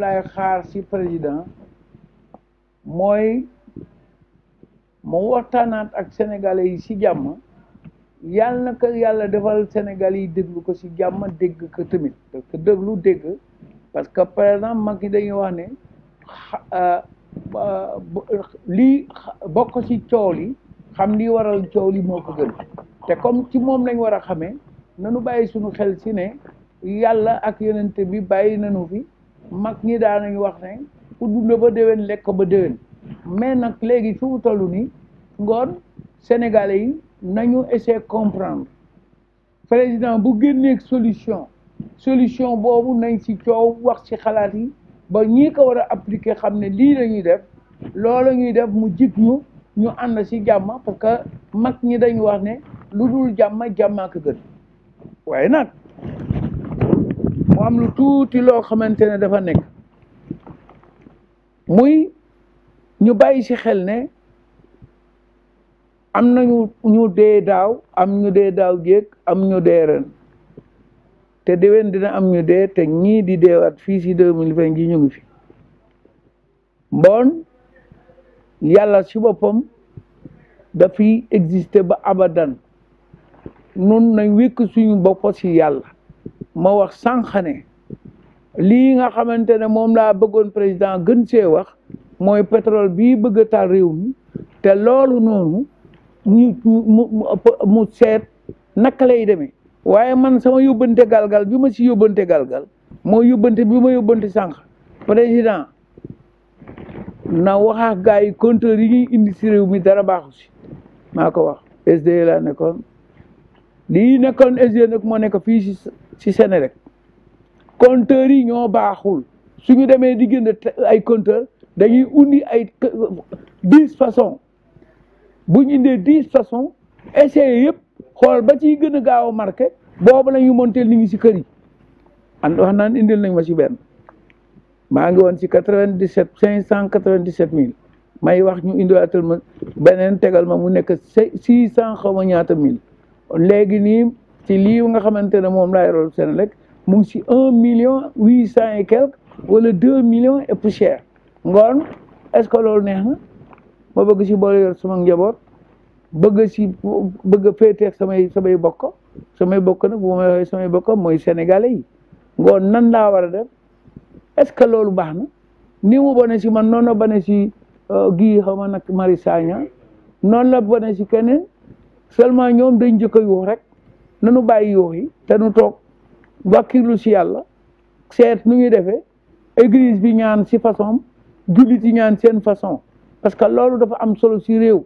moom laay xaar ci président mooy mu waxtaanaat ak sénégalais yi ci jàmm yàlla na ko yàlla defal Sénégal yi déglu ko ci jàmm dégg ko tamit parce que déglu dégg parce que par exemple mag yi dañuy wax ne euh, lii bokk ci coow li xam li waral coow li moo ko gën te comme ci moom lañ war a xamee nanu bàyyi sunu xel ci ne yàlla ak yonente bi bàyyi nanu fi mag ñi daanañu wax ne ku dund ba déwén lekk ba déwén mais nag léegi fi mu toll nii ngoon sénégalais yi nañu essayer comprendre président bu génnee solution solution boobu nañ ci coow wax ci xalaat yi ba ñii ko war a appliquer xam ne lii la def loolu ñuy def mu jig ñu ñu ànd ci jàmm parce que mag ñi dañu wax ne lu dul jàmm jàmmaa ko gën waaye nag mu am lu tuuti loo xamante ne dafa nekk muy ñu bàyyi ci xel ne am na ñu ñu dee daaw am ñu dee daaw jéeg am ñu dee ren te déwén dina am ñu dee te ñii di deewaat fii ci deux mille vingt ji ñu ngi fi mboon yàlla ci boppam dafi exister ba abadan nun nañ wékk suñu bopp ci yàlla ma wax sànq ne lii nga xamante ne moom laa bëggoon président gën see wax mooy pétrole bii bëgg a taal réew mi te loolu noonu mu seet naka lay demee waaye man sama yóbbante galgal bi ma si yóbbante galgal moo yóbbante bi ma yóbbante sànq président na wax gaa yi compteur yi ñuy indi si réew mi dara baaxu si maa ko wax SDE laa nekkoon lii nekkoon SDE nag moo nekk fii si ci Senelec compteurs yi ñoo baaxul su ñu demee di gën ay compteur dañuy undi ay dix façons bu ñu indee dix façons essayé yëpp xool ba ciy gën a gaaw a marqué boobu la ñu monteel ni ngi si kër and wax naan indil nañ ma si benn maa ngi woon si quatre vingt dix cinq cent quatre vingt dix sept mille may wax ñu indiwaatal ma beneen tegal ma mu nekk six cent xaw ñaata mille léegi nii te lii nga xamante ne moom laa yoroon Senelec mu ngi si un million huit cent et quelque wala deux millions et poussière ngoon est-ce que loolu neex na ma bëgg si boole yor sama njaboot bëgg si bëgg a samay samay bokk samay bokk nag bu ma waxee samay bokk mooy sénégalais yi ngoon nan laa war a def est-ce que loolu baax na ni mu bone si man noonu la bone si euh, gii xaw ma nag Marie Sagna noonu la bone si keneen seulement ñoom dañ jëkk a yuux rek nanu bàyyi yooyu te nu toog wàkkilu si yàlla seet nu ñuy defee église bi ñaan si façon jullit yi ñaan seen façon parce que loolu dafa am solo si réew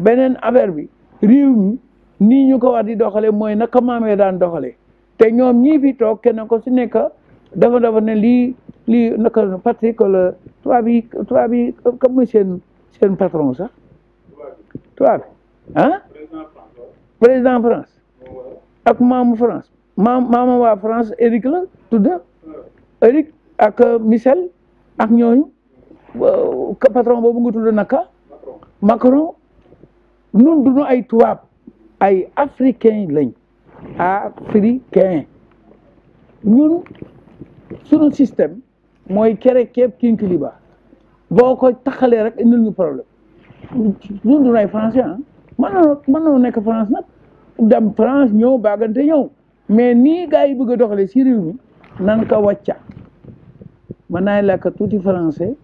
beneen affaire bi réew mi nii ñu ko war di doxalee mooy naka maamee daan doxalee te ñoom ñii fi toog kenn ko si nekk dafa dafa ne lii lii naka Patrick la tubaab yi tubaab yi comme seen seen patron sax tubaab ah président France ak maamu France maam maama waa France Éric la tudda Éric ak euh, Michel ak ñooñu patron boobu nga tudd naka Macron nun duñu ay tubaab ay africain lañ africain ñun suñu système mooy kere keeb kinkiliba boo ko taxalee rek indil ñu problème ñun duñu ay français ah mën na nekk France nag dem France ñëw baagante ñëw mais nii gars yi bëgg a doxalee si réew mi nan ko wàcca mën naa làkk tuuti français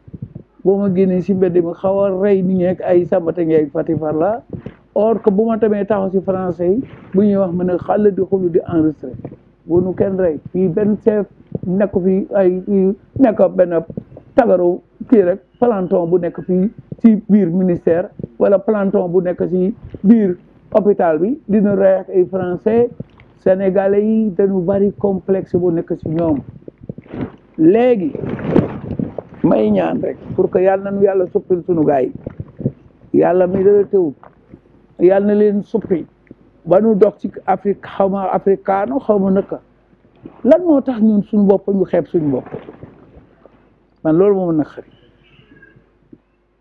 boo ma génnee si mbedd mi xaw a rey nit ñi ak ay sàmbata ngeeg Fatick Farla or que bu ma tamee taxaw si français yi bu ñuy wax ma ne xàll di xulu di enregistré nu kenn rey fii benn chef nekk fi ay nekk benn tagaru kii rek planton bu nekk fi ci biir ministère wala planton bu nekk ci biir. hôpital bi dina rey ak ay français sénégalais yi dañu bari complexe bu nekk ci ñoom léegi may ñaan rek pour que yàlla na nañu yàlla suppil sunu gaay yi yàlla mi dara teewul yàlla na leen suppi ba nu dox ci Afrique xaw ma africaano xaw ma naka lan moo tax ñun suñu bopp ñu xeeb suñu bopp man loolu moo mën a xarit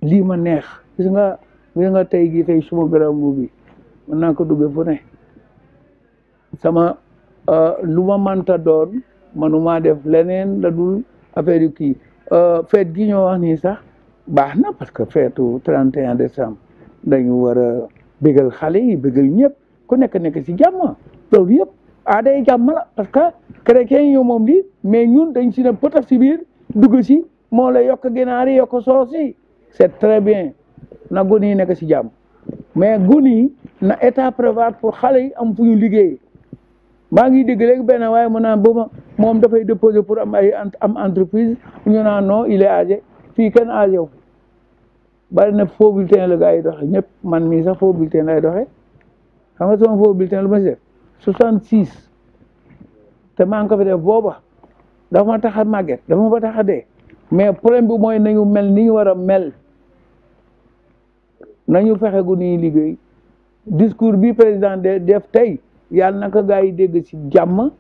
lii ma neex gis nga tey jii tey suma biram bu bi naa ko dugge fu ne sama euh luma manta doon manuma def leneen la dul affaire yu ki euh fête gi ñoo wax ni sax baxna parce que feetu 31 décembre dañu wara bigal bégal xale yi ah? bégal ñëpp ku nekk nekk jamm do loolu a day jamm la parce que chrétien yu mom li mais ñun dañ ci na potax ci bir dugg ci mo la yok ginaar yi yokk soos c'est très bien na guni yi nekk si jàmm mais guni na état prévoir pour xale yi am fu liggéey maa ngi dégg léegi benn waaye mu naan booba moom dafay déposé pour am ay am entreprise ñu naan no il est âgé fii kenn âgé bari na faux bulletin la gars yi doxe ñëpp man mii sax faux bulletin lay doxe xam nga sama faux bulletin lu ma si def soixante six te maa ngi ko fi booba dafa ma tax a màgget dafa ma tax a dee mais problème bi mooy nañu mel ni ñu war a mel nañu fexe gu ñuy liggéey discours bi président de def tey yàlla na ko gaa yi dégg ci jàmm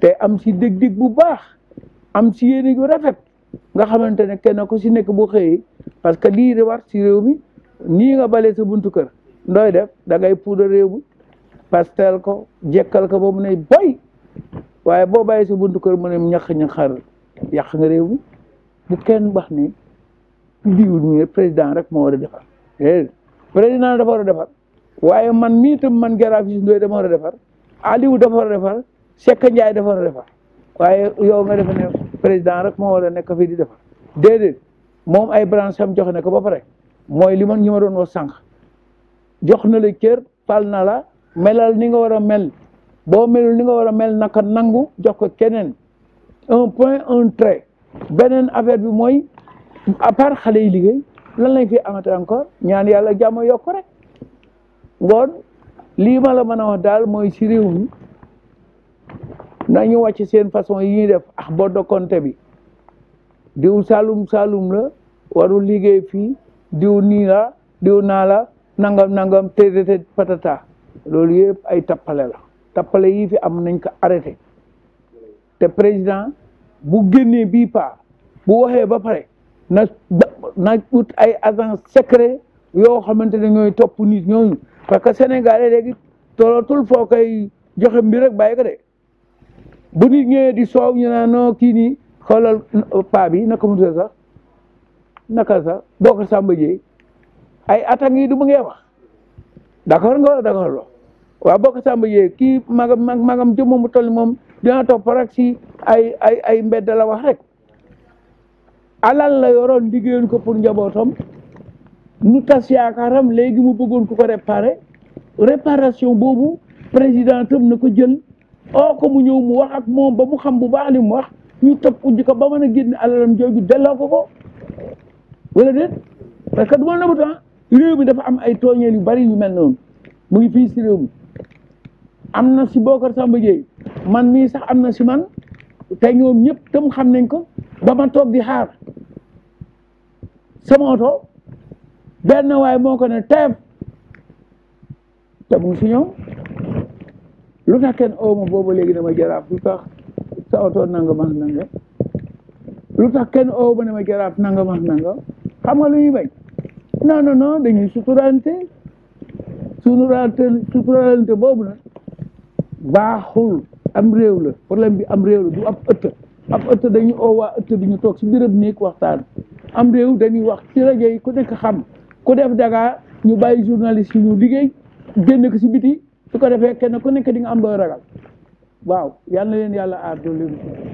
te am ci dég-dég bu baax am si yéene yu rafet nga xamante ne kenn ku si nekk bu xëyee parce que lii war si réew mi nii nga balee sa buntu kër ndooy def da ngay puudar réew mi pastel ko jekkal ko ba ne boy waaye boo bàyyi sa buntu kër mu ne ñax ñaxar yàq nga réew mi bu kenn wax ne diwul ñu président rek moo war a defar président dafa war defar waaye man mii itam man Jaraaf Youssou Ndoye dama war a defar aliwu dafa war a defar Seck Ndiaye dafa war a defar waaye yow nga defe ne président rek moo war nekk fii di defar déedéet moom ay branche am joxe na ko ba pare mooy li man ñu ma doon wax sànq jox na la cër pal na la melal ni nga war a mel boo melul ni nga war a mel naka nangu jox ko keneen un point un trait beneen affaire bi mooy à part xale yi liggéey lan lañ fi amate encore ñaan yàlla jàmm yokk rek ngoon lii ma la mën a wax daal mooy si réew mi nañu wàcc seen façon yi ñuy def ax ah, boo dokonte bi diw saalum saalum la warul liggéey fii diw nii la diw naa la nangam nangam téetéet patata loolu yëpp ay tappale la tappale yi fi am nañ ko arrêté te président bu génnee bii paa bu waxee ba pare na na ut ay agent secret yoo xamante ne ñooy topp nit ñooñu parce que sénégalais léegi tolootul foo koy joxe mbir rek bàyyi ko de bu nit ñëwee di soow ñu naan non kii nii xoolal paa bi naka mu tudd sax naka sax boo ko Samba Dieye ay attaques yi du mu wax d' accord nga wala d' accord loo waaw boo ko Samba Dieye kii magam magam jëm moom mu toll moom dina topp rek si ay ay ay mbedd la wax rek alal la yoroon liggéeyoon ko pour njabootam. lu tas yaakaaram léegi mu bëggoon ku ko réparé réparation boobu président tam na ko jël oo oh, ko mu ñëw mu wax ak moom ba mu xam bu baax li mu wax ñu topp ji ko ba mën a alalam jooju delloo ko ko wala déet parce que du ma nëbb temps am ay tooñeel yu bari yu mel noonu mu ngi am na si Bocar man mii sax am na si man te ñoom ñëpp tam xam nañ ko ba ma di xaar sama benn waay moo ko ne teeb te mu ngi si ñëw lu tax kenn ooma boobu léegi dama jaraaf lu tax sa oto nangam ak nangam lu tax kenn ooma dama jaraaf nangam ak nanga xam nga lu ñuy bañ non non non dañuy suturante suturante suturante boobu nag baaxul am réew la problème bi am réew la du ab ëtt ab ëtt dañuy oo ëtt bi ñu toog si biir néeg waxtaan am réew dañuy wax ci rajo yi ku nekk xam ku def Dakar ñu bàyyi journaliste yi ñu liggéey génn ko si biti su ko defee kenn ku nekk di nga am looy ragal waaw yal na leen yàlla aar doolu